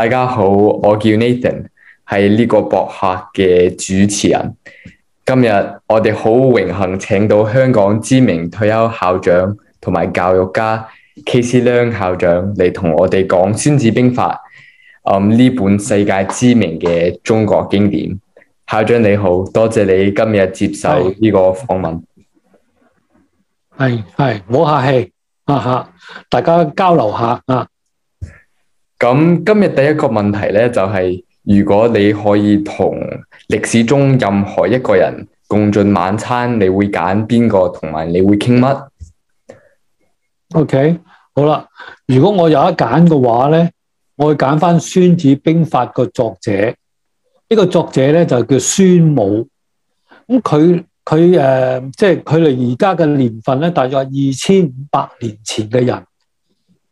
大家好，我叫 Nathan，係呢個博客嘅主持人。今日我哋好榮幸請到香港知名退休校長同埋教育家 K.C. 梁校長嚟同我哋講《孫子兵法》。嗯，呢本世界知名嘅中國經典。校長你好，多謝你今日接受呢個訪問。係係，冇客氣，啊哈，大家交流下啊。咁今日第一個問題咧，就係如果你可以同歷史中任何一個人共進晚餐，你會揀邊個？同埋你會傾乜？O K，好啦，如果我有得揀嘅話咧，我會揀翻《孫子兵法》嘅作者。呢個作者咧就叫孫武。咁佢佢誒，即係佢哋而家嘅年份咧，大約二千五百年前嘅人。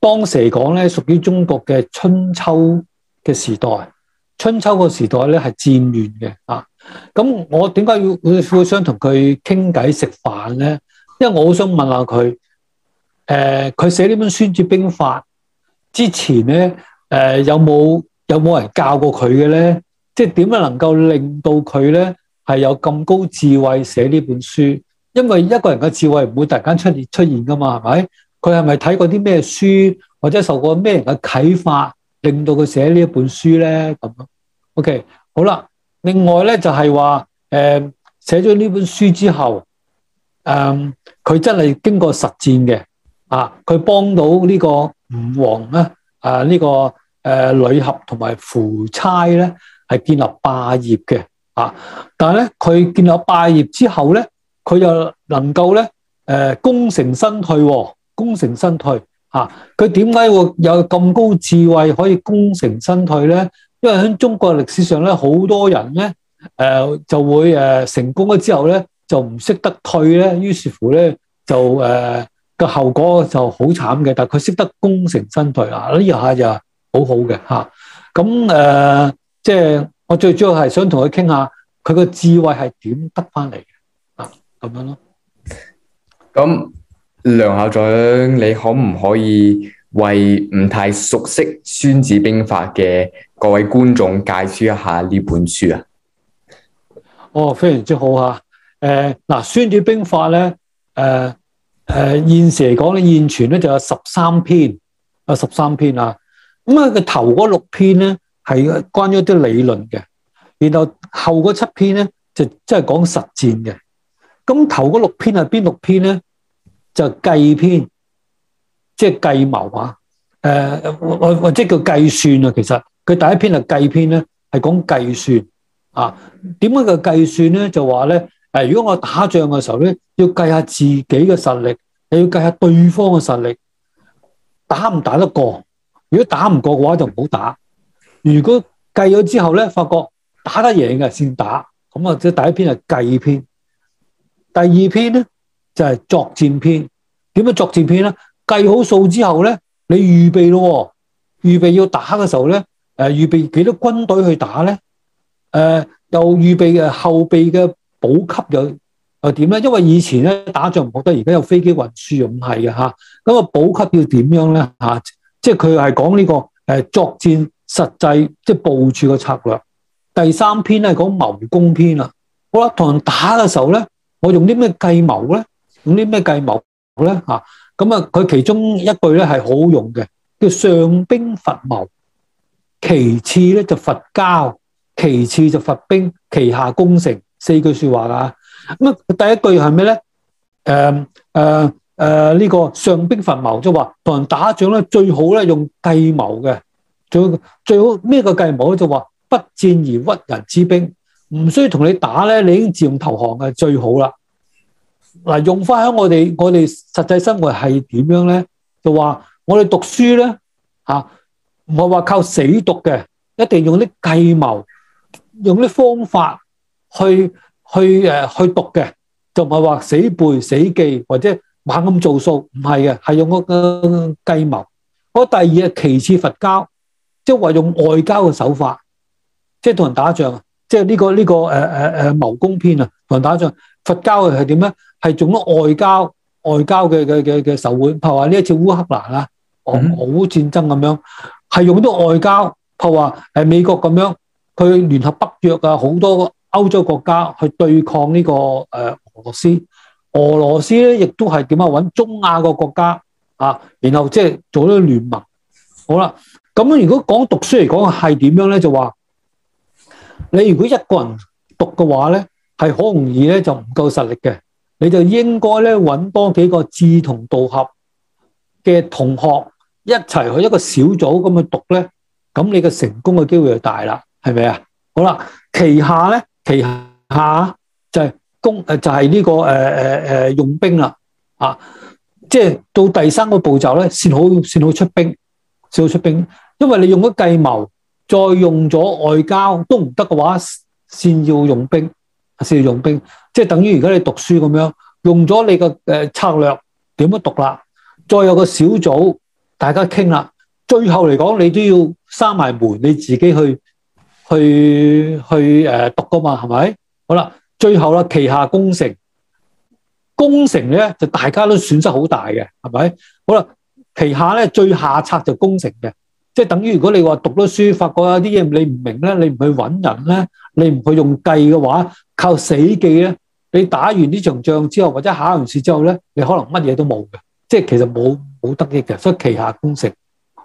當時講咧，屬於中國嘅春秋嘅時代。春秋個時代咧係戰亂嘅啊。咁我點解會想同佢傾偈食飯咧？因爲我好想問下佢，誒、呃，佢寫呢本《孫子兵法》之前咧，誒、呃，有冇有冇人教過佢嘅咧？即係點樣能夠令到佢咧係有咁高智慧寫呢本書？因爲一個人嘅智慧唔會突然間出出現噶嘛，係咪？佢係咪睇過啲咩書，或者受過咩人嘅啟發，令到佢寫呢一本書呢？咁咯、OK, k 好啦。另外呢就係話，寫咗呢本書之後，嗯，佢真係經過實戰嘅，啊，佢幫到呢個吳王呢啊、呢、這個誒闔閭同埋夫差呢係建立霸業嘅，啊，但係咧佢建立霸業之後呢，佢又能夠呢誒功成身退、哦。功成身退，嚇，佢點解會有咁高智慧可以功成身退咧？因為喺中國歷史上咧，好多人咧，誒、呃、就會誒成功咗之後咧，就唔識得退咧，於是乎咧就誒個、呃、後果就好慘嘅。但係佢識得功成身退，嗱呢下就好好嘅嚇。咁、啊、誒，即、呃、係、就是、我最主要係想同佢傾下，佢個智慧係點得翻嚟嘅啊？咁樣咯，咁。梁校長，你可唔可以為唔太熟悉《孫子兵法》嘅各位觀眾介紹一下呢本書啊？哦，非常之好啊！誒、呃，嗱、啊，《孫子兵法》呢咧、呃，誒、呃、誒、呃，現時嚟講咧，現存咧就有十三篇啊，十三篇啊。咁啊，佢頭嗰六篇咧係關於一啲理論嘅，然後後嗰七篇咧就真係講實戰嘅。咁頭嗰六篇係邊六篇咧？就計篇，即係計謀啊！誒、呃，或或即叫計算啊！其實佢第一篇係計篇咧，係講計算，算啊。點樣叫計算咧？就話咧，誒，如果我打仗嘅時候咧，要計下自己嘅實力，又要計下對方嘅實力，打唔打得過？如果打唔過嘅話，就唔好打。如果計咗之後咧，發覺打得贏嘅先打。咁啊，即係第一篇係計篇，第二篇咧。就係、是、作戰篇，點樣作戰篇咧？計好數之後咧，你預備咯喎，預備要打嘅時候咧，誒、呃、預備幾多少軍隊去打咧、呃？又預備誒後備嘅補給又又點咧？因為以前咧，打仗唔覺得，而家有飛機運輸又唔係嘅嚇。咁啊那補給要點樣咧？嚇、啊，即係佢係講呢、這個、呃、作戰實際即係、就是、部署嘅策略。第三篇咧講謀攻篇啦。好啦，同人打嘅時候咧，我用啲咩計謀咧？用啲咩計謀咧？嚇，咁啊，佢其中一句咧係好用嘅，叫上兵伐謀，其次咧就伐交，其次就伐兵，其下攻城，四句說話噶。咁啊，第一句係咩咧？誒誒誒，呢、啊啊，這個上兵伐謀就話同人打仗咧，最好咧用計謀嘅，最最好咩個計謀咧？就話不戰而屈人之兵，唔需要同你打咧，你已經自動投降嘅最好啦。嗱，用翻喺我哋我哋實際生活係點樣咧？就話我哋讀書咧，吓唔係話靠死讀嘅，一定用啲計謀，用啲方法去去誒去讀嘅，就唔係話死背死記或者猛咁做數，唔係嘅，係用個計謀。我第二係其次伐交，即係話用外交嘅手法，即係同人打仗，即係呢個呢個誒誒誒謀攻篇啊，同人打仗，伐交係點咧？係做咗外交，外交嘅嘅嘅嘅手腕。譬如話呢一次烏克蘭啊，俄烏戰爭咁樣，係用咗外交，譬如話誒美國咁樣，佢聯合北約啊，好多歐洲國家去對抗呢、這個誒、呃、俄羅斯。俄羅斯咧亦都係點啊？搵中亞個國家啊，然後即係做咗聯盟。好啦，咁樣如果講讀書嚟講係點樣咧，就話你如果一個人讀嘅話咧，係好容易咧就唔夠實力嘅。你就應該咧揾多幾個志同道合嘅同學一齊去一個小組咁去讀咧，咁你嘅成功嘅機會就大啦，係咪啊？好啦，其下咧，其下就係攻誒，就係呢個誒誒誒用兵啦，啊，即係到第三個步驟咧，先好先好出兵，先好出兵，因為你用咗計謀，再用咗外交都唔得嘅話，先要用兵，先要用兵。即係等於而家你讀書咁樣，用咗你個誒策略點樣讀啦，再有個小組大家傾啦，最後嚟講你都要閂埋門，你自己去去去誒讀㗎嘛，係咪？好啦，最後啦，其下攻城攻城咧就大家都損失好大嘅，係咪？好啦，其下咧最下策就攻城嘅，即係等於如果你話讀咗書發覺有啲嘢你唔明咧，你唔去揾人咧，你唔去用計嘅話，靠死記咧。你打完呢場仗之後，或者考完試之後咧，你可能乜嘢都冇嘅，即係其實冇冇得益嘅。所以其下攻城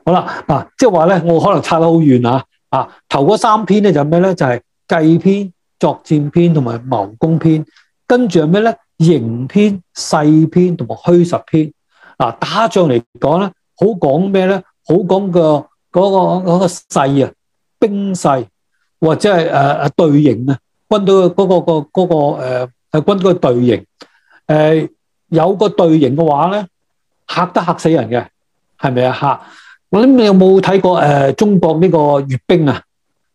好啦、啊、即係話咧，我可能插得好遠啊啊！頭嗰三篇咧就咩咧？就係、是、計、就是、篇、作戰篇同埋謀攻篇，跟住係咩咧？形篇、勢篇同埋虛實篇啊。打仗嚟講咧，好講咩咧？好講、嗰個嗰、嗰個嗰、嗰個勢啊，兵勢或者係誒誒對形啊，軍隊嗰、嗰個、嗰個嗰、嗰個誒。呃係軍嗰個隊形，誒、呃，有個隊形嘅話咧，嚇得嚇死人嘅，係咪啊吓？我諗你有冇睇過誒、呃、中國呢個閱兵啊？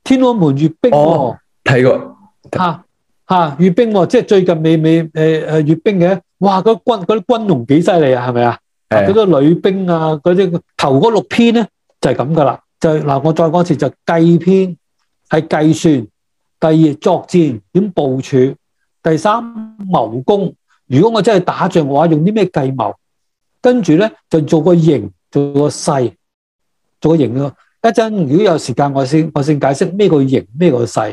天安門閱兵，哦哦啊啊、閱兵哦，睇過吓吓閱兵，即係最近未未誒誒閱兵嘅，哇！嗰軍嗰啲軍容幾犀利啊，係咪啊，啊？嗰啲女兵啊，嗰啲頭嗰六篇咧就係咁噶啦，就嗱、是呃、我再講一次，就計篇係計算，第二作戰點部署。嗯第三謀攻，如果我真係打仗嘅話，用啲咩計謀？跟住咧就做個形，做個勢，做個形咯。一陣如果有時間，我先我先解釋咩叫形，咩叫勢。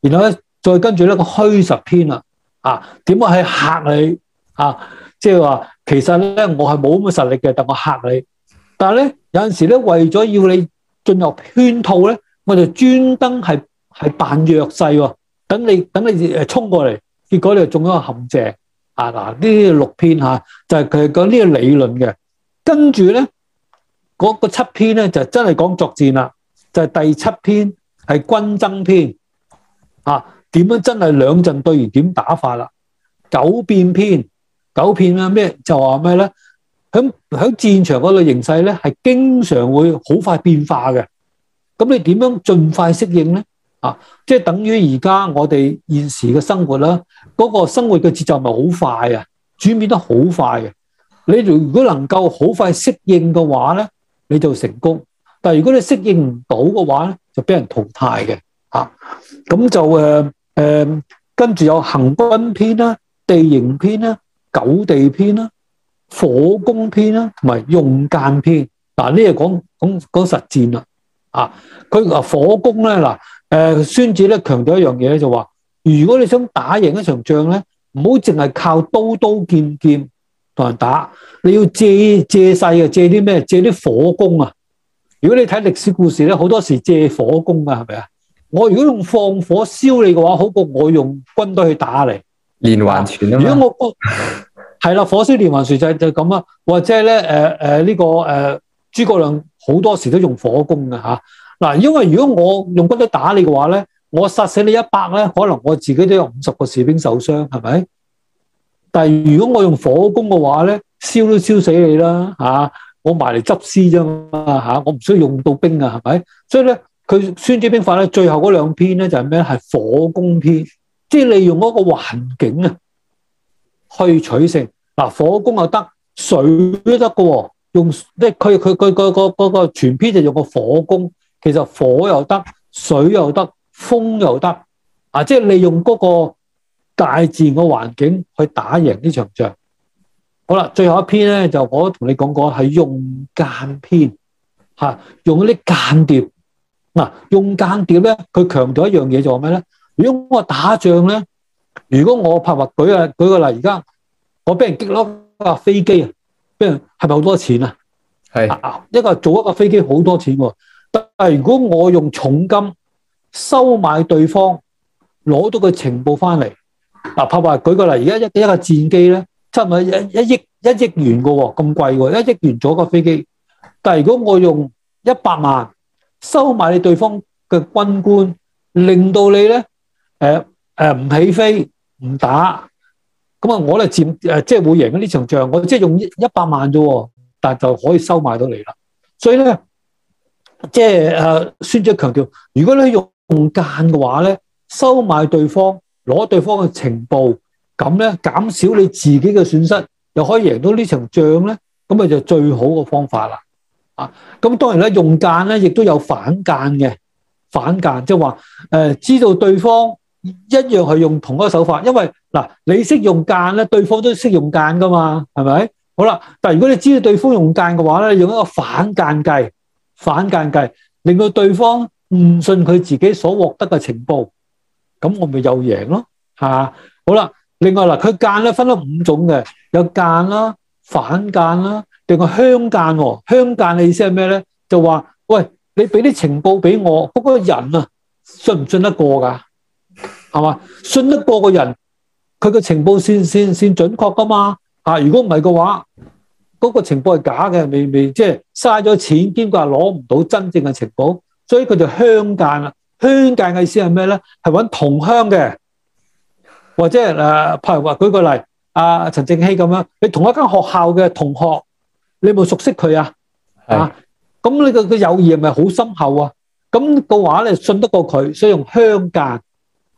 然後咧再跟住咧個虛實篇啦啊，點樣去吓你啊？即係話其實咧我係冇咁嘅實力嘅，但我吓你。但係咧有陣時咧為咗要你進入圈套咧，我就專登係係扮弱勢喎，等你等你誒衝過嚟。結果你就中咗個陷阱啊！嗱，呢啲六篇嚇就係佢講呢個理論嘅，跟住咧嗰個七篇咧就真係講作戰啦，就係第七篇係軍爭篇啊，點樣真係兩陣對完點打法啦？九變篇九變啦咩？就話咩咧？響響戰場嗰度形勢咧係經常會好快變化嘅，咁你點樣盡快適應咧？啊，即係等於而家我哋現時嘅生活啦，嗰、那個生活嘅節奏咪好快啊，轉變得好快嘅。你如果能夠好快適應嘅話咧，你就成功；但係如果你適應唔到嘅話咧，就俾人淘汰嘅。吓、啊，咁就誒誒、啊，跟住有行軍篇啦、地形篇啦、九地篇啦、火攻篇啦，同埋用間篇。嗱、啊，呢啲講講講實戰啦。啊，佢話火攻咧嗱。啊誒，孫子咧強調一樣嘢咧，就話如果你想打贏一場仗咧，唔好淨係靠刀刀劍劍同人打，你要借借勢嘅，借啲咩？借啲火攻啊！如果你睇歷史故事咧，好多時借火攻啊，係咪啊？我如果用放火燒你嘅話，好過我用軍隊去打你。連環船咯。如果我我係啦，火燒連環船就係就係咁啦，或者係咧，誒誒呢個誒，諸葛亮好多時都用火攻嘅吓。啊嗱，因為如果我用軍刀打你嘅話咧，我殺死你一百咧，可能我自己都有五十個士兵受傷，係咪？但係如果我用火攻嘅話咧，燒都燒死你啦嚇！我埋嚟執屍啫嘛嚇，我唔需要用到兵啊，係咪？所以咧，佢孫子兵法咧最後嗰兩篇咧就係咩？係火攻篇，即係利用嗰個環境啊，去取勝。嗱，火攻又得，水都得嘅喎，用即係佢佢佢佢嗰個全篇就用個火攻。其實火又得，水又得，風又得，啊！即係利用嗰個大自然嘅環境去打贏呢場仗。好啦，最後一篇咧就我同你講過，係用間諜吓、啊，用嗰啲間諜嗱、啊，用間諜咧，佢強調一樣嘢就係咩咧？如果我打仗咧，如果我拍話，舉啊舉個例，而家我俾人擊落架飛機是不是很是啊，俾人係咪好多錢啊？係一個做一個飛機好多錢喎、啊。但係如果我用重金收買對方，攞到個情報翻嚟嗱，拍話舉個例，而家一一個戰機咧，即係咪一億一億元嘅喎，咁貴喎，一億元左個飛機。但係如果我用一百萬收買你對方嘅軍官，令到你咧誒誒唔起飛唔打，咁啊我咧佔誒即係會贏咗呢場仗，我即係用一一百萬啫，但係就可以收買到你啦。所以咧。即係誒，孫子強調，如果你用間嘅話咧，收買對方，攞對方嘅情報，咁咧減少你自己嘅損失，又可以贏到呢場仗咧，咁咪就最好嘅方法啦。啊，咁當然咧，用間咧亦都有反間嘅，反間即係話，誒知道對方一樣係用同一個手法，因為嗱，你識用間咧，對方都識用間噶嘛，係咪？好啦，但係如果你知道對方用間嘅話咧，用一個反間計。反間計，令到對方唔信佢自己所獲得嘅情報，咁我咪又贏咯，嚇！好啦，另外啦，佢間咧分咗五種嘅，有間啦、反間啦，定有鄉間喎。鄉間嘅意思係咩咧？就話喂，你俾啲情報俾我，嗰個人啊，信唔信得過㗎？係嘛？信得過個人，佢嘅情報先先先準確噶嘛？嚇！如果唔係嘅話，嗰、那個情報係假嘅，未未即係嘥咗錢，兼佢攞唔到真正嘅情報，所以佢就鄉間啦。鄉間嘅意思係咩咧？係揾同鄉嘅，或者誒，譬如話舉個例，阿、呃、陳正熙咁樣，你同一間學校嘅同學，你冇熟悉佢啊？啊，咁你個個友誼係咪好深厚啊？咁、那個話咧，信得過佢，所以用鄉間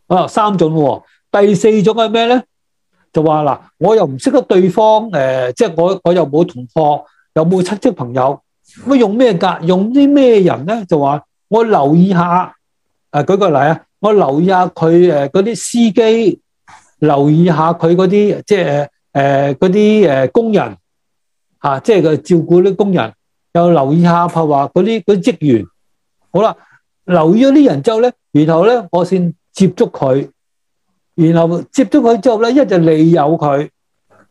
啊，三種喎、啊。第四種係咩咧？就話嗱，我又唔識得對方，誒，即係我我又冇同學，又冇親戚朋友，我用咩噶？用啲咩人咧？就話我留意下，誒舉個例啊，我留意下佢嗰啲司機，留意下佢嗰啲即係誒誒嗰啲工人嚇，即係佢照顧啲工人，又留意下佢話嗰啲嗰啲職員。好啦，留意咗啲人之後咧，然後咧我先接觸佢。然後接咗佢之後咧，一就利誘佢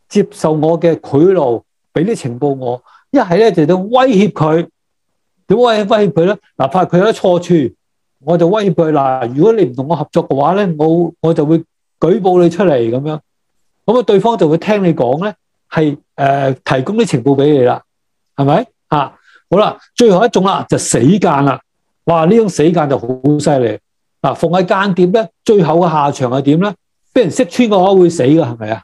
接受我嘅賄賂，俾啲情報我；一係咧就要威脅佢，點威威脅佢咧？哪怕佢有啲錯處，我就威脅佢啦。如果你唔同我合作嘅話咧，我我就會舉報你出嚟咁樣，咁啊，對方就會聽你講咧，係誒、呃、提供啲情報俾你啦，係咪？吓、啊、好啦，最後一種啦，就是、死間啦。哇，呢種死間就好犀利。嗱、啊，逢係間諜咧，最後嘅下場係點咧？俾人識穿嘅話會死嘅，係咪啊？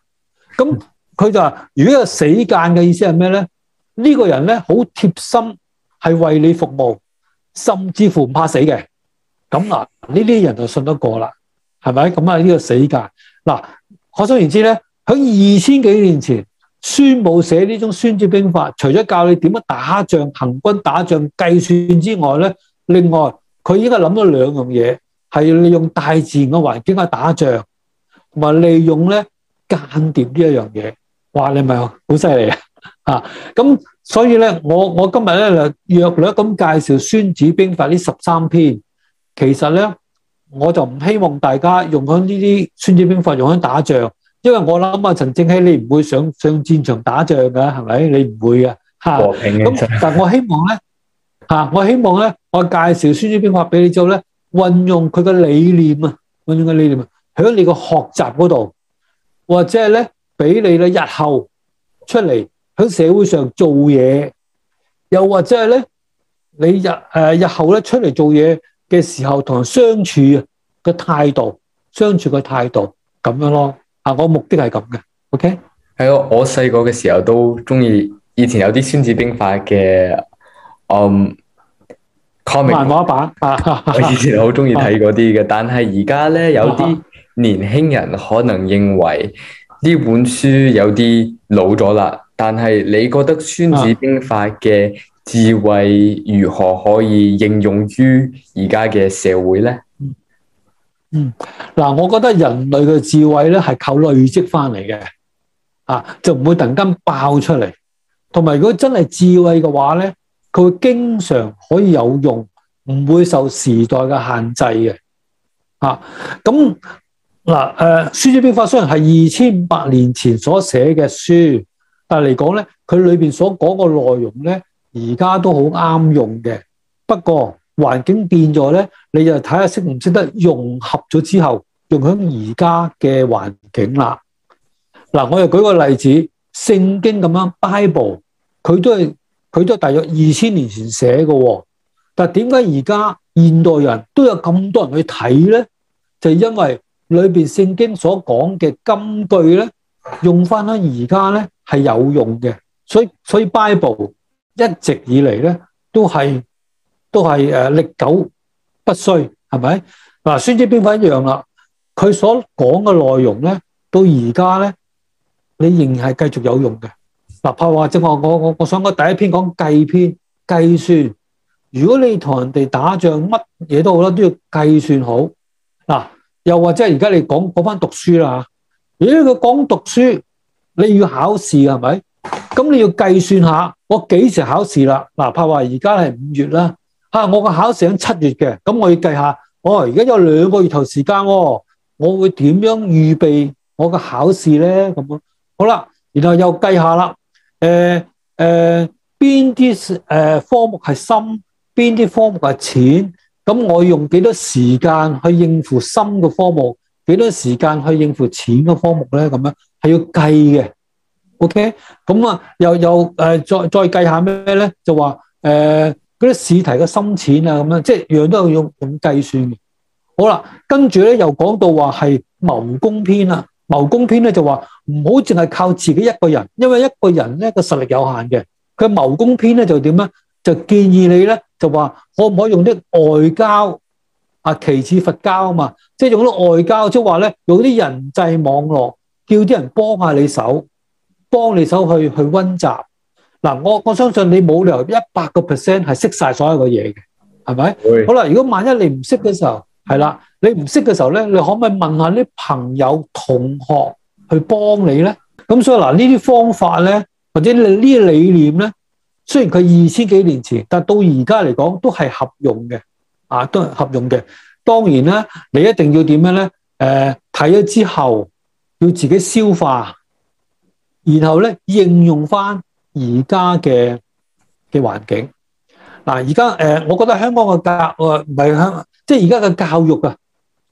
咁佢就話：如果係死間嘅意思係咩咧？呢個人咧好貼心，係為你服務，甚至乎唔怕死嘅。咁嗱、啊，呢啲人就信得過啦，係咪？咁啊，呢個死間嗱、啊，可想而知咧。喺二千幾年前，孫武寫呢種《孫子兵法》，除咗教你點樣打仗、行軍、打仗計算之外咧，另外佢依家諗咗兩樣嘢。係要利用大自然嘅環境去打仗，同埋利用咧間諜呢一樣嘢。哇！你咪好犀利啊！吓，咁，所以咧，我我今日咧就約略咁介紹《孫子兵法》呢十三篇。其實咧，我就唔希望大家用響呢啲《孫子兵法》用響打仗，因為我諗啊，陳正熙你唔會想上戰場打仗噶，係咪？你唔會噶吓。咁，但係我希望咧吓，我希望咧，我介紹《孫子兵法》俾你做咧。運用佢嘅理念啊，運用嘅理念啊，喺你個學習嗰度，或者係咧俾你咧日後出嚟喺社會上做嘢，又或者係咧你日誒、呃、日後咧出嚟做嘢嘅時候同人相處啊嘅態度，相處嘅態度咁樣咯。啊、OK?，我目的係咁嘅。OK，係我我細個嘅時候都中意，以前有啲孫子兵法嘅，嗯。漫畫版，我以前好中意睇嗰啲嘅， 但係而家咧有啲年輕人可能認為呢本書有啲老咗啦。但係你覺得《孫子兵法》嘅智慧如何可以應用於而家嘅社會咧？嗯，嗯，嗱，我覺得人類嘅智慧咧係靠累積翻嚟嘅。啊，就唔會突然間爆出嚟。同埋，如果真係智慧嘅話咧，佢會經常可以有用，唔會受時代嘅限制嘅。嚇咁嗱誒，《孫子兵法》雖然係二千五百年前所寫嘅書，但係嚟講咧，佢裏邊所講嘅內容咧，而家都好啱用嘅。不過環境變咗咧，你就睇下識唔識得融合咗之後，用喺而家嘅環境啦。嗱、啊，我又舉個例子，《聖經》咁樣《Bible》，佢都係。佢都係大約二千年前寫嘅，但點解而家現代人都有咁多人去睇咧？就因為裏邊聖經所講嘅金句咧，用翻喺而家咧係有用嘅。所以所以 Bible 一直以嚟咧都係都係誒歷久不衰，係咪？嗱，《孫子兵法》一樣啦，佢所講嘅內容咧，到而家咧，你仍係繼續有用嘅。嗱，譬如話，即我我我想講第一篇講計篇計算。如果你同人哋打仗，乜嘢都好啦，都要計算好。嗱、啊，又或者而家你講嗰班讀書啦嚇，咦，佢講讀書，你要考試係咪？咁你要計算下，我幾時考試啦？嗱、啊，譬如話而家係五月啦、啊，我個考試喺七月嘅，咁我要計下，我而家有兩個月頭時間喎，我會點樣預備我個考試咧？咁樣好啦，然後又計下啦。誒、呃、誒，邊啲誒科目係深，邊啲科目係淺，咁我用幾多時間去應付深嘅科目，幾多時間去應付淺嘅科目咧？咁樣係要計嘅，OK？咁啊，又又誒、呃，再再計下咩咧？就話誒，嗰啲試題嘅深淺啊，咁樣即係樣樣都係用用計算嘅。好啦，跟住咧又講到話係謀攻篇啊。謀攻篇咧就話唔好淨係靠自己一個人，因為一個人咧個實力有限嘅。佢謀攻篇咧就點咧？就建議你咧就話可唔可以用啲外交啊，其次伐交啊嘛，即係用啲外交，即係話咧用啲人際網絡，叫啲人幫下你手，幫你手去去溫習。嗱，我我相信你冇理由一百個 percent 係識晒所有嘅嘢嘅，係咪？好啦，如果萬一你唔識嘅時候。係啦，你唔識嘅時候咧，你可唔可以問下啲朋友同學去幫你咧？咁所以嗱，呢啲方法咧，或者呢啲理念咧，雖然佢二千幾年前，但到而家嚟講都係合用嘅。啊，都係合用嘅。當然咧，你一定要點樣咧？誒、呃，睇咗之後要自己消化，然後咧應用翻而家嘅嘅環境。嗱、啊，而家誒，我覺得香港嘅價格誒唔係香港。即係而家嘅教育啊，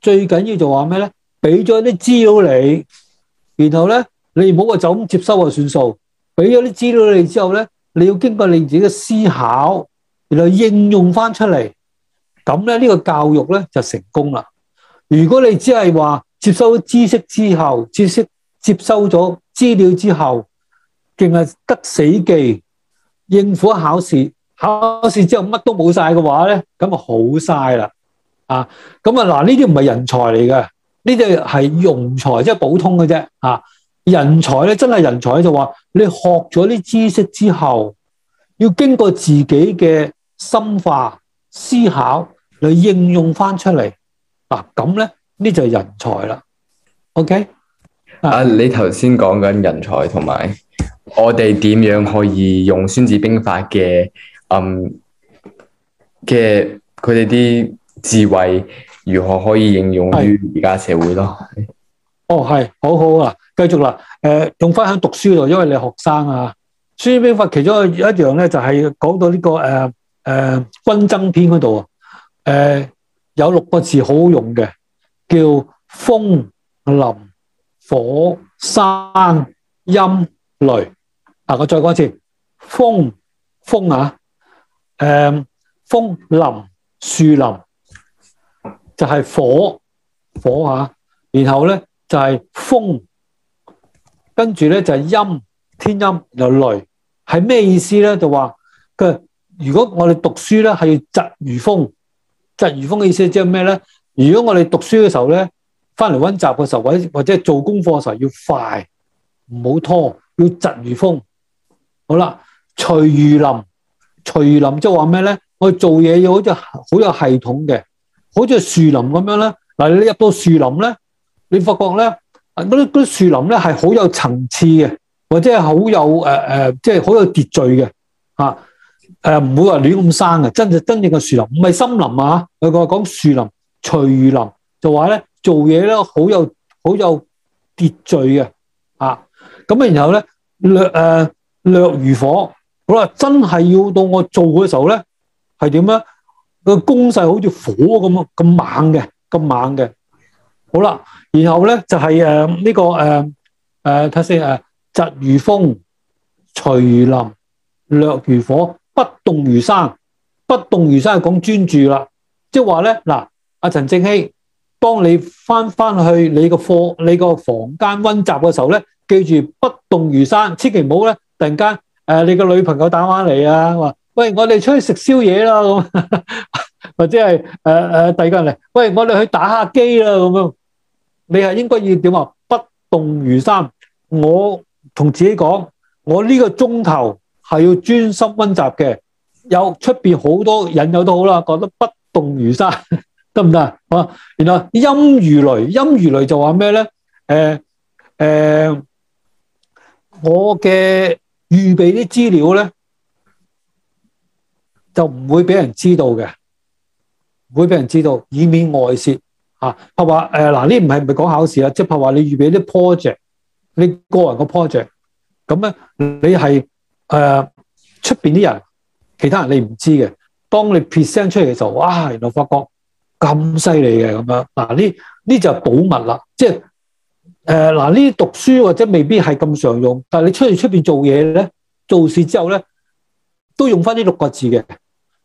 最緊要就話咩咧？俾咗啲資料你，然後咧，你唔好話就咁接收啊算數。俾咗啲資料你之後咧，你要經過你自己嘅思考，然後應用翻出嚟，咁咧呢個教育咧就成功啦。如果你只係話接收知識之後，知識接收咗資料之後，淨係得死記，應付考試，考試之後乜都冇曬嘅話咧，咁啊好嘥啦～啊，咁啊嗱，呢啲唔係人才嚟嘅，呢啲係用才，即係普通嘅啫。啊，人才咧真係人才就話，你學咗啲知識之後，要經過自己嘅深化思考嚟應用翻出嚟。嗱，啊，咁咧呢就係人才啦。OK，啊，你頭先講緊人才同埋，我哋點樣可以用《孫子兵法》嘅嗯嘅佢哋啲？智慧如何可以應用於而家社會咯？哦，係，好好啊，繼續啦，誒、呃，用翻喺讀書度，因為你學生啊，孫子兵法其中一樣咧就係、是、講到呢、這個誒誒，軍、呃、爭、呃、篇嗰度，誒、呃、有六個字好用嘅，叫風林火山陰雷。嗱、啊，我再講一次，風，風啊，誒、呃，風林樹林。就係、是、火火吓、啊，然後咧就係、是、風，跟住咧就係、是、陰天陰又雷，係咩意思咧？就話個如果我哋讀書咧係要疾如風，疾如風嘅意思即係咩咧？如果我哋讀書嘅時候咧，翻嚟溫習嘅時候，或者或者做功課嘅時候要快，唔好拖，要疾如風。好啦，徐如林，徐如林即係話咩咧？我哋做嘢要好似好有系統嘅。好似樹林咁樣咧，嗱，你入到樹林咧，你發覺咧嗰啲啲樹林咧係好有層次嘅，或者係好有誒誒，即係好有秩序嘅嚇誒，唔會話亂咁生嘅。真真正嘅樹林唔係森林啊！我、就、講、是、樹林，徐如林就話咧做嘢咧好有好有秩序嘅，咁啊然後咧略誒、呃、掠如火，我話真係要到我做嘅時候咧係點咧？是怎樣個攻勢好似火咁，咁猛嘅，咁猛嘅。好啦，然後咧就係誒呢個誒誒睇先誒疾如風，徐如林，掠如火，不動如山。不動如山係講專注啦，即係話咧嗱，阿陳正熙，當你翻翻去你個課、你個房間溫習嘅時候咧，記住不動如山，千祈唔好咧突然間誒、呃、你個女朋友打翻嚟啊。喂，我哋出去食宵夜啦，咁或者係誒誒，第二個人嚟，喂，我哋去打下機啦，咁樣，你係應該要點啊？不動如山，我同自己講，我呢個鐘頭係要專心溫習嘅，有出邊好多引誘都好啦，講得不動如山得唔得啊？然後陰如雷，陰如雷就話咩咧？誒誒，我嘅預備啲資料咧。就唔會俾人知道嘅，唔會俾人知道，以免外泄啊！係話誒，嗱呢唔係唔係講考試啊，即係話你預備啲 project，你個人個 project，咁咧你係誒出邊啲人，其他人你唔知嘅。當你 present 出嚟嘅時候，哇、啊，原來發覺咁犀利嘅咁樣嗱，呢、啊、呢就係保密啦，即係誒嗱呢啲讀書或者未必係咁常用，但係你出嚟出邊做嘢咧，做事之後咧，都用翻呢六個字嘅。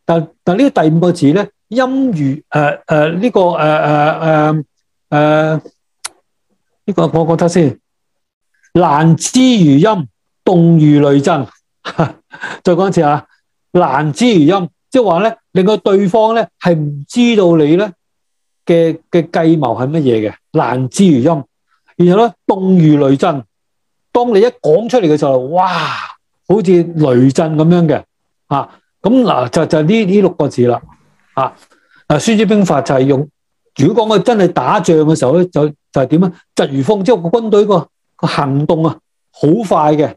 但但呢第五個字咧，陰語誒誒呢個誒誒誒誒呢個，呃呃呃這個、我覺得先難知如陰，動如雷震。再講一次啊，難知如陰，即係話咧令到對方咧係唔知道你咧嘅嘅計謀係乜嘢嘅，難知如陰。然後咧，動如雷震。當你一講出嚟嘅時候，哇，好似雷震咁樣嘅啊！咁嗱就就呢呢六個字啦，啊嗱《啊、孫子兵法》就係用，如果講佢真係打仗嘅時候咧，就就係點啊？疾如風，即係個軍隊個行動啊，好快嘅，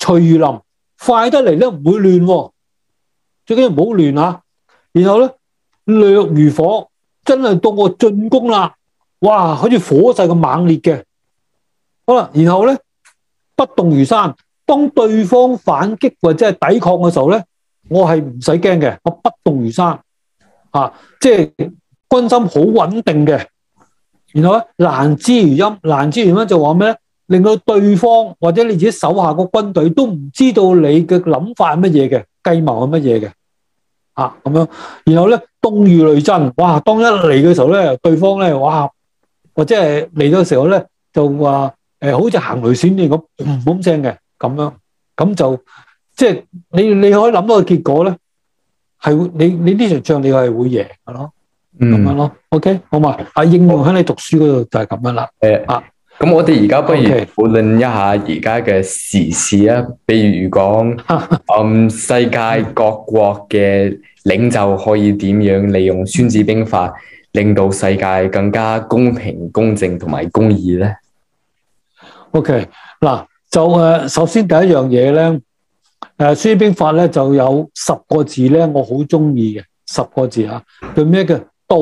徐如林，快得嚟咧唔會亂，啊，最緊要唔好亂啊。然後咧，掠如火，真係到我進攻啦，哇，好似火勢咁猛烈嘅，好啦。然後咧，不動如山，當對方反擊或者係抵抗嘅時候咧。我係唔使驚嘅，我不動如山嚇、啊，即係軍心好穩定嘅。然後咧，難知如陰，難知如陰就話咩？令到對方或者你自己手下個軍隊都唔知道你嘅諗法係乜嘢嘅，計謀係乜嘢嘅嚇咁樣。然後咧，動如雷震。哇！當一嚟嘅時候咧，對方咧，哇！或者係嚟嘅時候咧，就話誒，好似行雷閃電咁冇聲嘅咁樣，咁、嗯嗯嗯、就。即係你，你可以諗到個結果咧，係你你呢場仗你係會贏嘅咯，咁樣咯。OK，好嘛，阿應用喺你讀書嗰度就係咁樣啦。誒啊，咁我哋而家不如討論一下而家嘅時事啊，比如講，嗯，世界各國嘅領袖可以點樣利用《孫子兵法》令到世界更加公平、公正同埋公義咧？OK，嗱，就誒，首先第一樣嘢咧。誒、啊，孫子兵法咧就有十個字咧，我好中意嘅十個字啊，叫咩？叫道、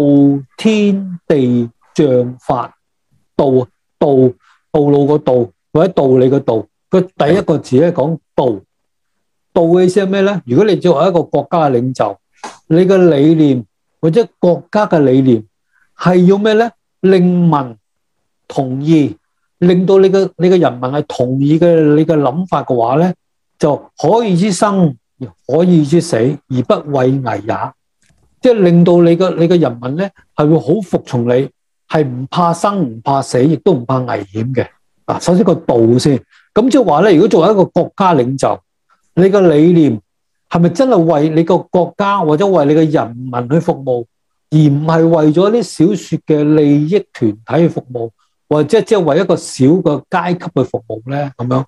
天、地、將、法。道，道道路個道，或者道理個道。個第一個字咧講道，道嘅意思係咩咧？如果你作為一個國家嘅領袖，你嘅理念或者國家嘅理念係要咩咧？令民同意，令到你嘅你嘅人民係同意嘅你嘅諗法嘅話咧？就可以之生，亦可以之死，而不畏危也。即係令到你嘅你嘅人民咧係會好服從你，係唔怕生，唔怕死，亦都唔怕危險嘅。啊，首先個道先，咁即係話咧，如果作為一個國家領袖，你嘅理念係咪真係為你個國家或者為你嘅人民去服務，而唔係為咗啲小說嘅利益團體去服務，或者即係為一個小嘅階級去服務咧？咁樣。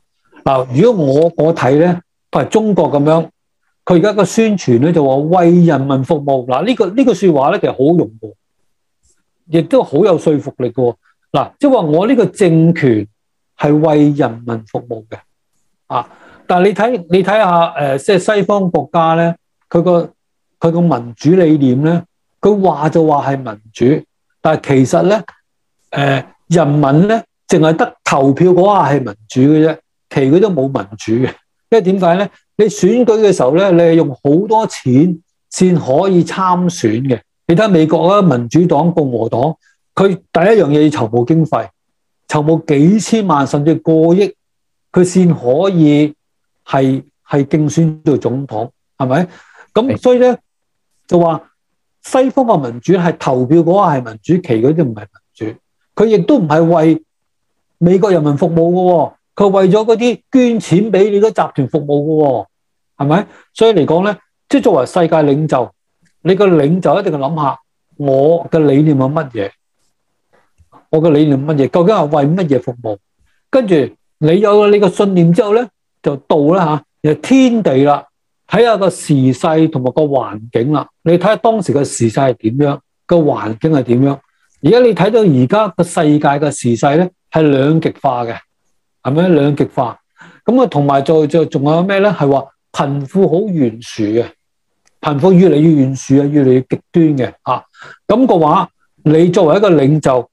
如果我睇佢係中國咁樣，佢而家個宣傳咧就話為人民服務。嗱、呢個，呢、呢個說話咧，其實好用嘅，亦都好有說服力嘅。嗱，即係話我呢個政權係為人民服務嘅。但你睇下、呃，西方國家咧，佢個民主理念呢，佢話就話係民主，但其實呢，呃、人民呢只淨係得投票嗰下係民主嘅啫。其佢都冇民主嘅，因為點解咧？你選舉嘅時候咧，你係用好多錢先可以參選嘅。你睇美國啊，民主黨、共和黨，佢第一樣嘢要籌募經費，籌募幾千萬甚至過億，佢先可以係係競選做總統，係咪？咁所以咧就話西方嘅民主係投票嗰個係民主，其佢都唔係民主，佢亦都唔係為美國人民服務嘅喎、哦。佢為咗嗰啲捐錢畀你個集團服務嘅喎，係咪？所以嚟講呢，即作為世界領袖，你個領袖一定要諗下我嘅理念係乜嘢，我嘅理念乜嘢，究竟係為乜嘢服務？跟住你有咗你個信念之後呢，就到咧天地啦，睇下個時勢同埋個環境啦。你睇下當時嘅時勢係點樣，個環境係點樣。而家你睇到而家個世界嘅時勢呢，係兩極化嘅。係咪兩極化？咁啊，同埋再再仲有咩咧？係話貧富好懸殊嘅，貧富越嚟越懸殊，越嚟越極端嘅。吓咁嘅話，你作為一個領袖，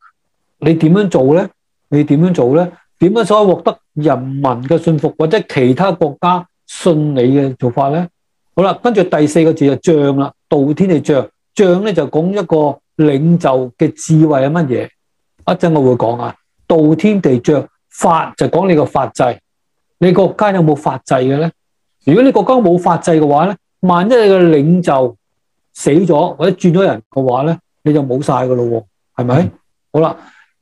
你點樣做呢？你點樣做咧？點樣先可以獲得人民嘅信服，或者其他國家信你嘅做法呢？好啦，跟住第四個字就將啦，道天地將。將咧就講一個領袖嘅智慧係乜嘢？一陣我會講啊，道天地將。法就講你個法制，你國家有冇法制嘅咧？如果你國家冇法制嘅話咧，萬一你個領袖死咗或者轉咗人嘅話咧，你就冇晒噶咯，係咪、嗯？好啦，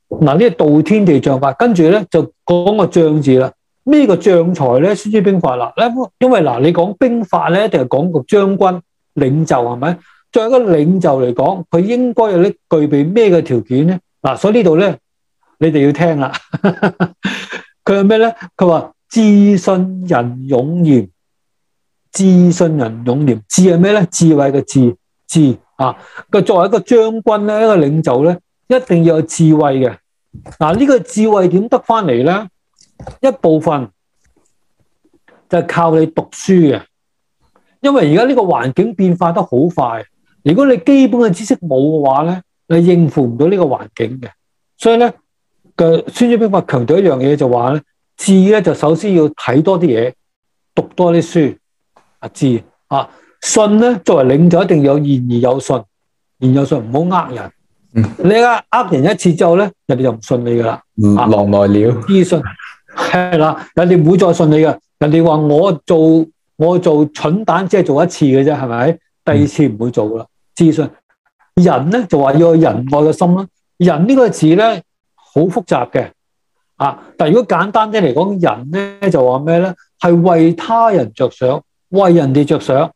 嗱呢個道天地將法，跟住咧就講個將字啦。咩、這個將才咧？孫子兵法啦。因為嗱，你講兵法咧，一定係講個將軍領袖係咪？作為一個領袖嚟講，佢應該有啲具備咩嘅條件咧？嗱，所以呢度咧。你哋要聽啦，佢係咩呢？佢話智信仁勇嚴，智信仁勇嚴，智係咩呢？智慧嘅智，智啊！作為一個將軍咧，一個領袖咧，一定要有智慧嘅。嗱、啊，呢、這個智慧點得翻嚟呢？一部分就係靠你讀書嘅，因為而家呢個環境變化得好快，如果你基本嘅知識冇嘅話呢，你應付唔到呢個環境嘅，所以呢。嘅《孫子兵法》強調一樣嘢就話咧，智咧就首先要睇多啲嘢，讀多啲書字。啊，智啊，信咧，作為領袖一定要有言而有信，言而有信唔好呃人。嗯，你呃人一次之後咧，人哋就唔信你噶啦。唔狼來了。資訊係啦，人哋唔會再信你㗎。人哋話我做我做蠢蛋，即係做一次嘅啫，係咪？第二次唔會做噶啦。資訊人咧就話要有仁愛嘅心啦。人呢個字咧。好複雜嘅啊！但如果簡單啲嚟講，人咧就話咩咧？係為他人着想，為人哋着想。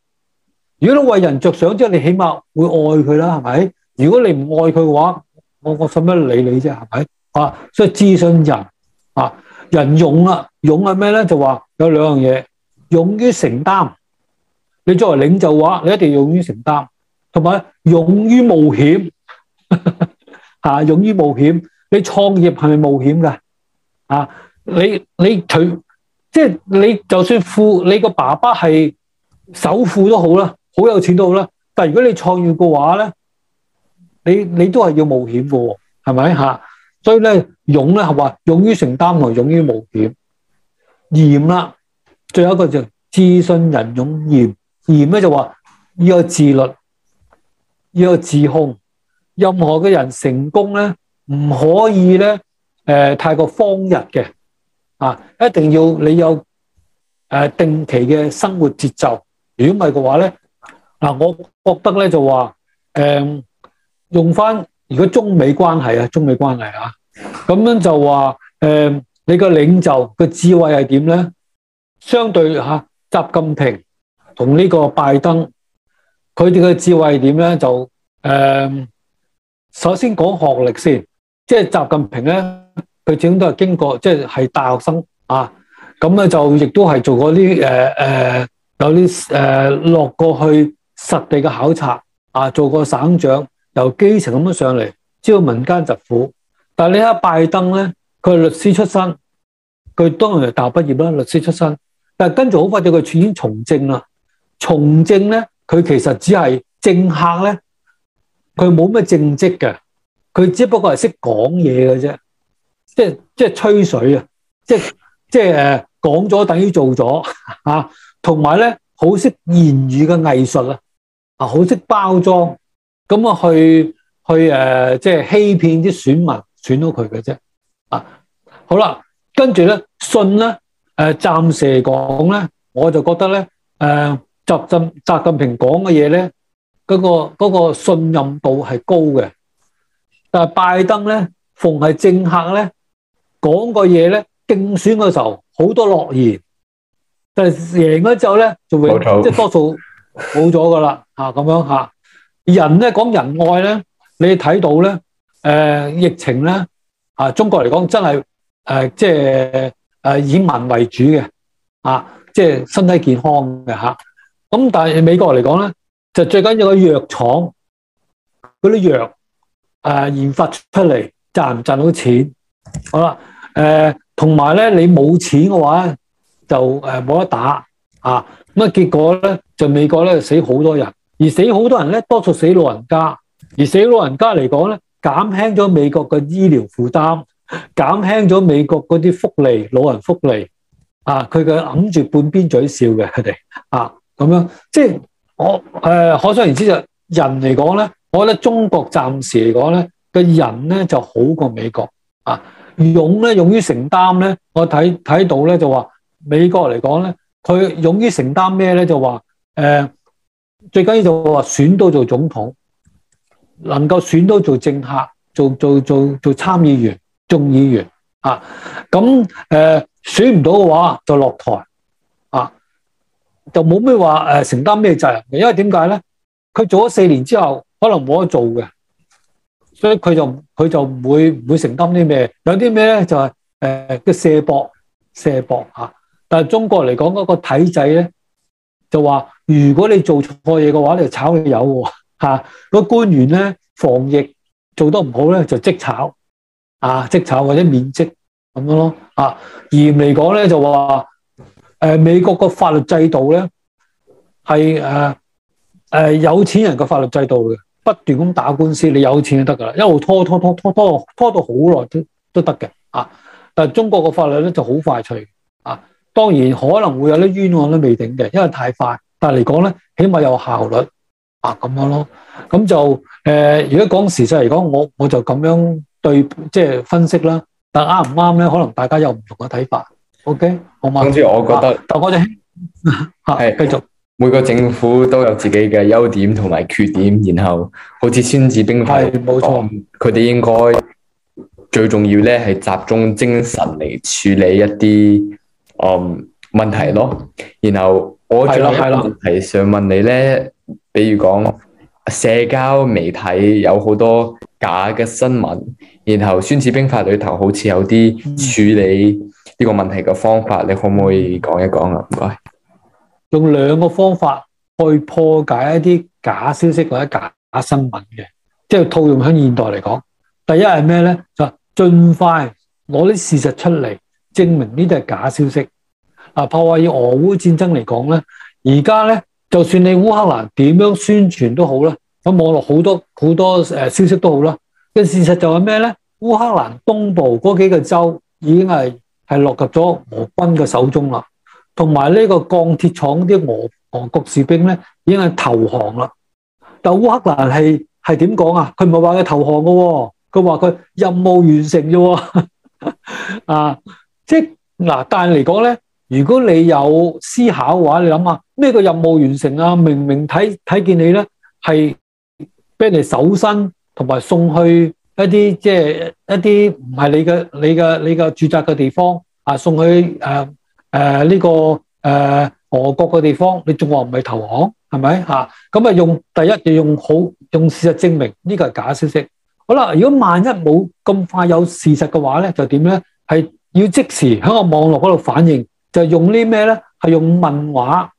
如果你為人着想，即係你起碼會愛佢啦，係咪？如果你唔愛佢嘅話，我我使乜理你啫？係咪啊？所以自信人啊，人勇啊，勇係咩咧？就話有兩樣嘢，勇於承擔。你作為領袖嘅話，你一定勇於承擔，同埋咧勇於冒險嚇，勇於冒險。啊。你創業係咪冒險㗎，你你除即係你就算富，你個爸爸係首富都好啦，好有錢都好啦。但係如果你創業嘅話呢你你都係要冒險嘅，係咪吓？所以咧，勇呢係話勇於承擔同勇於冒險。嚴啦，最後一個就智信仁勇嚴嚴呢就話要有自律，要有自控。任何嘅人成功呢唔可以咧，誒、呃、太過荒日嘅，啊，一定要你有誒、呃、定期嘅生活節奏。如果唔係嘅話咧，嗱、啊，我覺得咧就話、嗯、用翻，如果中美關係啊，中美關係啊，咁樣就話誒、嗯、你個領袖嘅智慧係點咧？相對嚇、啊、習近平同呢個拜登，佢哋嘅智慧係點咧就誒、嗯，首先講學歷先。即係習近平咧，佢始終都係經過，即係係大學生啊，咁咧就亦都係做過啲誒誒有啲誒、呃、落過去實地嘅考察啊，做過省長，由基層咁樣上嚟，知道民間疾苦。但係你睇拜登咧，佢係律師出身，佢當然係大學畢業啦，律師出身。但係跟住好快就佢轉型從政啦，從政咧佢其實只係政客咧，佢冇咩政績嘅。佢只不過係識講嘢嘅啫，即係即係吹水啊！即即係誒講咗等於做咗啊，同埋咧好識言語嘅藝術啊，啊好識包裝咁啊去去誒即係欺騙啲選民選到佢嘅啫啊！好啦，跟住咧信咧誒暫時嚟講咧，我就覺得咧誒、呃、習近習近平講嘅嘢咧嗰個嗰、嗰個信任度係高嘅。但係拜登呢，逢係政客呢，講嘅嘢呢競選嘅時候好多諾言，但係贏咗之後呢就會即係多數冇咗噶啦，吓咁樣吓。人咧，講仁愛咧，你睇到咧，誒、呃、疫情咧，啊中國嚟講真係誒即係誒以民為主嘅，啊即係、就是、身體健康嘅吓。咁、啊、但係美國嚟講咧，就最緊要個藥廠嗰啲藥。誒，研發出嚟賺唔賺到錢？好啦，誒、呃，同埋咧，你冇錢嘅話咧，就誒冇得打啊。咁啊，結果咧，就美國咧死好多人，而死好多人咧，多數死老人家，而死老人家嚟講咧，減輕咗美國嘅醫療負擔，減輕咗美國嗰啲福利，老人福利啊，佢嘅揞住半邊嘴笑嘅佢哋啊，咁樣，即係我誒、呃，可想而知就人嚟講咧。我覺得中國暫時嚟講呢，嘅人呢就好過美國啊，勇呢勇於承擔呢，我睇睇到呢就話美國嚟講呢，佢勇於承擔咩呢？就話誒、呃，最緊要就話選到做總統，能夠選到做政客，做做做做，做參議員、眾議員啊，咁誒、呃、選唔到嘅話就落台啊，就冇咩話承擔咩責任嘅。因為點解呢？佢做咗四年之後。可能冇得做嘅，所以佢就佢就唔會唔會承擔啲咩？有啲咩呢？就係誒嘅卸膊卸膊、啊、但係中國嚟講嗰、嗰個體制呢，就話如果你做錯嘢嘅話，你就炒佢魷喎嚇。個、啊、官員呢，防疫做得唔好呢，就即炒即、啊、炒或者免職咁樣咯、啊、而嚴嚟講呢，就話、呃、美國個法律制度呢，係、呃呃、有錢人嘅法律制度嘅。不斷咁打官司，你有錢就得噶啦，一路拖拖拖拖拖拖，拖，拖拖到好耐都都得嘅啊！但係中國個法律咧就好快脆啊，當然可能會有啲冤案都未定嘅，因為太快，但係嚟講咧起碼有效率啊，咁樣咯。咁、嗯嗯、就誒，如、呃、果講時事嚟講，我我就咁樣對即係分析啦。但啱唔啱咧？可能大家有唔同嘅睇法。OK，好、嗯、嘛。跟、嗯、住、嗯嗯、我覺得，但我就嚇係繼續。每個政府都有自己嘅優點同埋缺點，然後好似《孫子兵法》係冇錯，佢哋應該最重要咧係集中精神嚟處理一啲嗯問題咯。然後我仲有一個問題想問你咧，比如講社交媒體有好多假嘅新聞，然後《孫子兵法》裏頭好似有啲處理呢個問題嘅方法，嗯、你可唔可以講一講啊？唔該。用兩個方法去破解一啲假消息或者假，假新聞嘅，即係套用喺現代嚟講，第一係咩呢？就係盡快攞啲事實出嚟證明呢啲係假消息。啊，譬如話以俄烏戰爭嚟講呢，而家呢，就算你烏克蘭點樣宣傳都好啦，咁網絡好多好多消息都好啦，事實就係咩呢？烏克蘭東部嗰幾個州已經係落入咗俄軍嘅手中啦。同埋呢個鋼鐵廠啲俄俄國士兵咧，已經係投降啦。但烏克蘭係係點講啊？佢唔係話佢投降嘅，佢話佢任務完成啫。啊，即係嗱，但係嚟講咧，如果你有思考嘅話，你諗下咩個任務完成啊？明明睇睇見你咧，係俾你搜身，同埋送去一啲即係一啲唔係你嘅你嘅你嘅住宅嘅地方啊，送去誒。誒，呢個誒，俄國嘅地方，你仲話唔係投降，係咪吓？咁啊，用第一就用好用事實證明呢個係假消息。好啦，如果萬一冇咁快有事實嘅話咧，就點咧？係要即時喺個網絡嗰度反應，就用啲咩咧？係用問話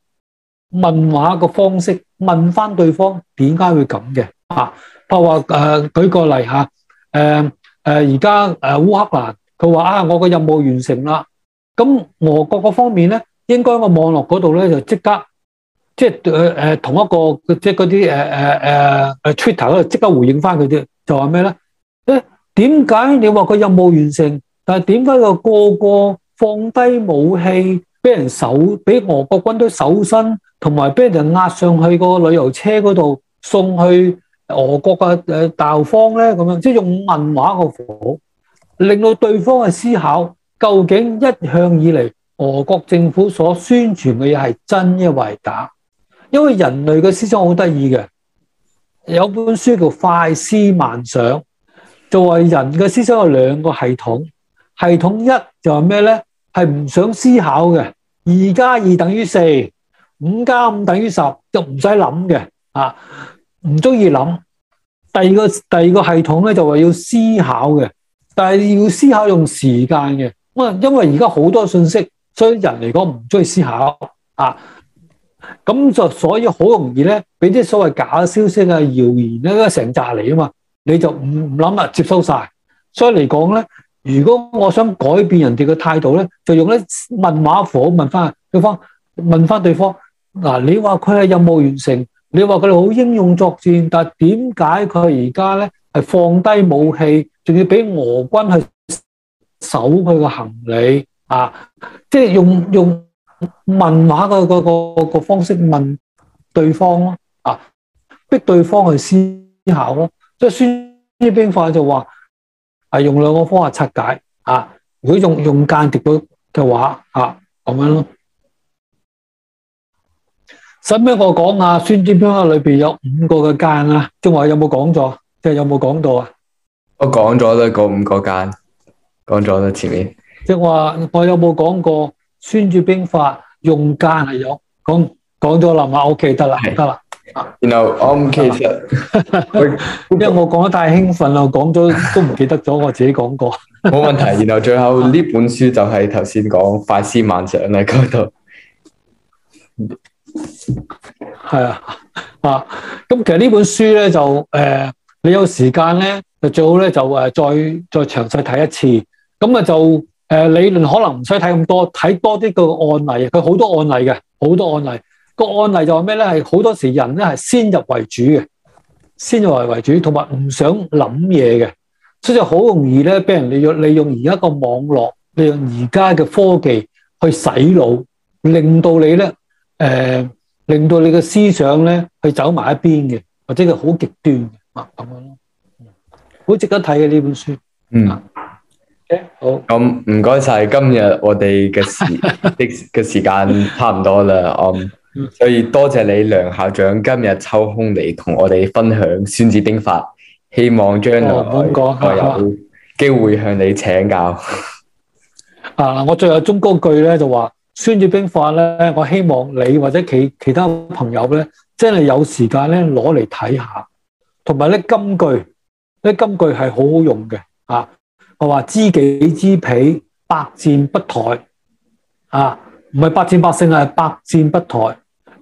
問話嘅方式問翻對方點解會咁嘅啊？譬如話誒，舉個例吓，誒誒，而家誒烏克蘭，佢話啊，我嘅任務完成啦。咁俄國嗰方面咧，應該個網絡嗰度咧就即刻，即係誒誒同一個即係嗰啲誒誒誒誒 Twitter 度即刻回應翻佢啫，就話咩咧？誒、欸，點解你話佢任務完成，但係點解又個個放低武器，俾人搜，俾俄國軍隊搜身，同埋俾人押上去個旅遊車嗰度送去俄國嘅誒敵方咧？咁樣即係、就是、用問話個符號，令到對方嘅思考。究竟一向以嚟，俄國政府所宣傳嘅嘢係真抑或係假？因為人類嘅思想好得意嘅。有本書叫《快思慢想》，作為人嘅思想有兩個系統。系統一就話咩咧？係唔想思考嘅，二加二等於四，五加五等於十，就唔使諗嘅啊，唔中意諗。第二個第二個系統咧，就話要思考嘅，但係要思考用時間嘅。因為而家好多信息，所以人嚟講唔中意思考啊，咁就所以好容易咧，俾啲所謂假消息啊、謠言咧、啊，成扎嚟啊嘛，你就唔唔諗啊，接收晒。所以嚟講咧，如果我想改變人哋嘅態度咧，就用啲問話火問翻對方，問翻對方嗱，你話佢係任務完成，你話佢哋好英勇作戰，但係點解佢而家咧係放低武器，仲要俾俄軍去？守佢的行李啊，即係用用問話個個方式問對方啊，逼對方去思考咯。即係孫子兵法就說用兩個方法拆解啊。如果用用間諜嘅話啊，咁樣咯。使乜我講下孫子兵法裏面有五個嘅間啊，仲話有冇講咗？即係有冇講到啊？我講咗嗰五個間。講咗喺前面，即係我我有冇講過《孫子兵法》用間係有講講咗啦嘛？O K 得啦，得啦。然後我其實，因為我講得太興奮啦，我講咗都唔記得咗我自己講過。冇問題。然後最後呢本書就係頭先講快思慢想喺嗰度，係、嗯、啊啊！咁、啊嗯、其實呢本書咧就誒、呃，你有時間咧就最好咧就誒再再詳細睇一次。咁啊就誒、呃、理論可能唔使睇咁多，睇多啲個案例，佢好多案例嘅，好多案例，個案例就係咩咧？係好多時人咧係先入為主嘅，先入為為主，同埋唔想諗嘢嘅，所以就好容易咧俾人利用，利用而家個網絡，利用而家嘅科技去洗腦，令到你咧誒、呃，令到你嘅思想咧去走埋一邊嘅，或者係好極端啊咁樣咯，好值得睇嘅呢本書，嗯。咁唔該晒， 今日我哋嘅時的嘅時間差唔多啦，um, 所以多謝你梁校長今日抽空嚟同我哋分享《孫子兵法》，希望將來我有機會向你請教。啊，我最後中嗰句咧就話《孫子兵法》咧，我希望你或者其其他朋友咧，真係有時間咧攞嚟睇下，同埋咧金句，呢金句係好好用嘅，啊。佢話知己知彼，百戰不殆啊！唔係百戰百勝啊，係百戰不殆。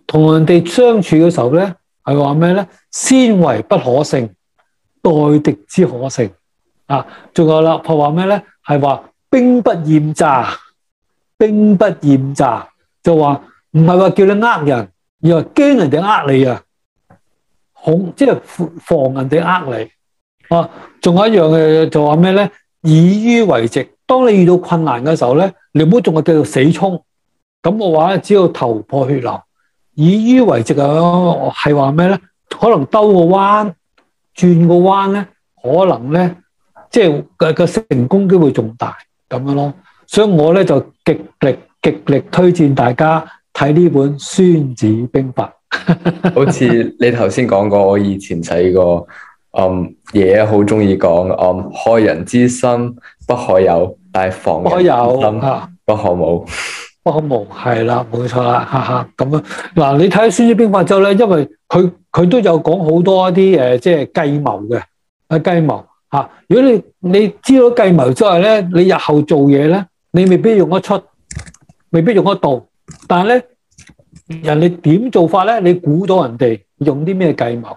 同人哋相處嘅時候咧，係話咩呢？先為不可勝，待敵之可勝啊！仲有啦，佢話咩咧？係話兵不厭詐，兵不厭詐就話唔係話叫你呃人，而係驚人哋呃你，就是、防人哋呃你啊，恐即係防人哋呃你啊！仲有一樣嘅就話咩呢？以迂為直，當你遇到困難嘅時候咧，你唔好仲係繼續死衝，咁嘅話咧，只要頭破血流。以迂為直嘅係話咩咧？可能兜個彎，轉個彎咧，可能咧，即係個個成功機會仲大咁樣咯。所以我咧就極力極力推薦大家睇呢本《孫子兵法》。好似你頭先講過，我以前睇過。嗯，爺爺好中意講，嗯，害人之心不可有，但係防人之心不可有。不可無，啊、不可無係啦，冇錯啦，哈哈，咁嗱、啊，你睇《孫子兵法》之後咧，因為佢佢都有講好多一啲誒，即係計謀嘅計謀吓。如果你你知道計謀之後咧，你日後做嘢咧，你未必用得出，未必用得到，但係咧，人哋點做法咧，你估到人哋用啲咩計謀？